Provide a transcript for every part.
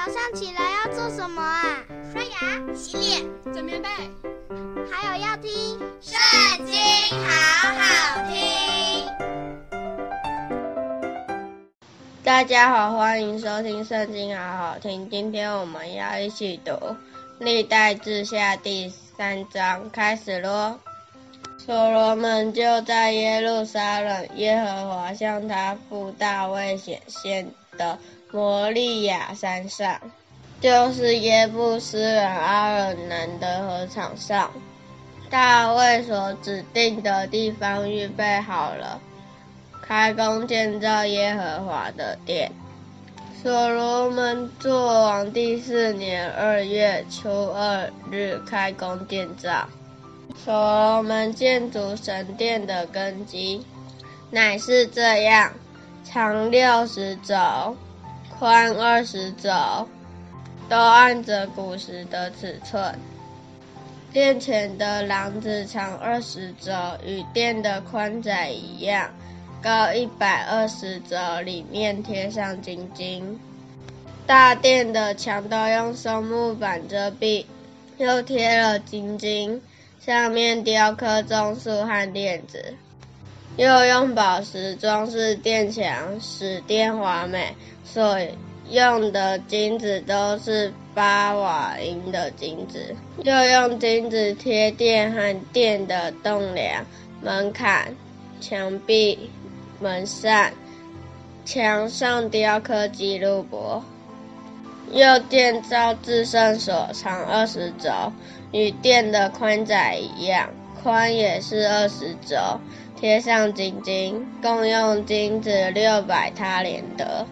早上起來要做什麼啊？刷牙、洗臉、準備被，還有要聽《聖經》好好聽。大家好，歡迎收聽《聖經》好好聽。今天我們要一起讀《歷代志下》第三章，開始咯。所羅門就在耶路撒冷，耶和華向他父大衛顯現的摩利亞山上，就是耶布斯人阿珥楠的禾場上，大衛所指定的地方預備好了，開工建造耶和華的殿。所羅門作王第四年二月，初二日開工建造。所羅門建築神殿的根基，乃是這樣，長六十肘，寬二十肘，都按着古時的尺寸。殿前的廊子長二十肘，與殿的寬窄一樣，高一百二十肘，裡面貼上精金。大殿的牆都用松木板遮蔽，又貼了精金。上面雕刻棕樹和鍊子，又用寶石裝飾殿牆，使殿華美。所用的金子都是巴瓦音的金子，又用金子貼殿和殿的棟樑、門檻、牆壁、門扇，牆上雕刻基路伯。又建造至聖所長，長二十肘，與殿的寬窄一樣，寬也是二十肘，貼上精金，共用金子六百他連得。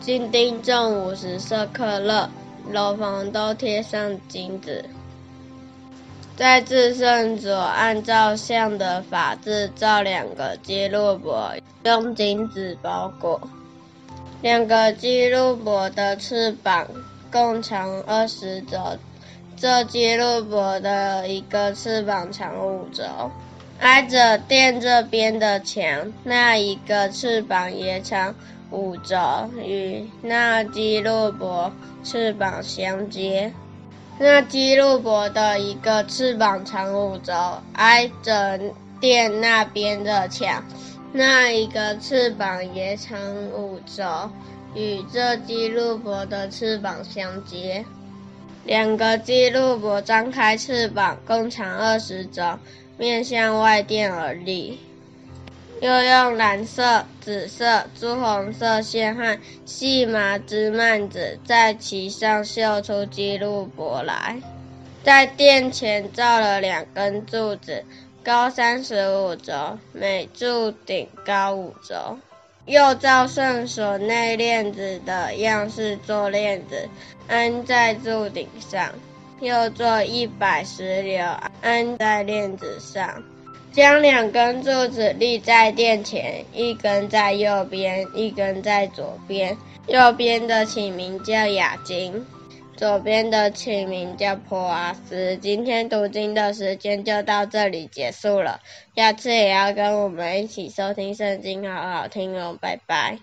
金釘重五十舍客勒，樓房都貼上金子。在至聖所，按造像的法子造兩個基路伯，用金子包裹。兩個基路伯的翅膀共長二十肘，這基路伯的一個翅膀長五肘，挨著殿這邊的牆,那一個翅膀也長五肘，與那基路伯翅膀相接。那基路伯的一個翅膀長五肘，挨著殿那邊的牆。那一個翅膀也長五肘，與這基路伯的翅膀相接。兩個基路伯張開翅膀，共長二十肘，面向外殿而立。又用藍色、紫色、朱紅色線和細麻織幔子，在其上繡出基路伯來。在殿前造了兩根柱子。高三十五肘，每柱頂高五肘。又照聖所內鏈子的樣式做鏈子，安在柱頂上。又做一百石榴，安在鏈子上。將兩根柱子立在殿前，一根在右邊，一根在左邊。右邊的起名叫雅斤。左邊的起名叫波阿斯。今天讀經的時間就到這裡結束了，下次也要跟我們一起收聽聖經，好好聽哦，拜拜。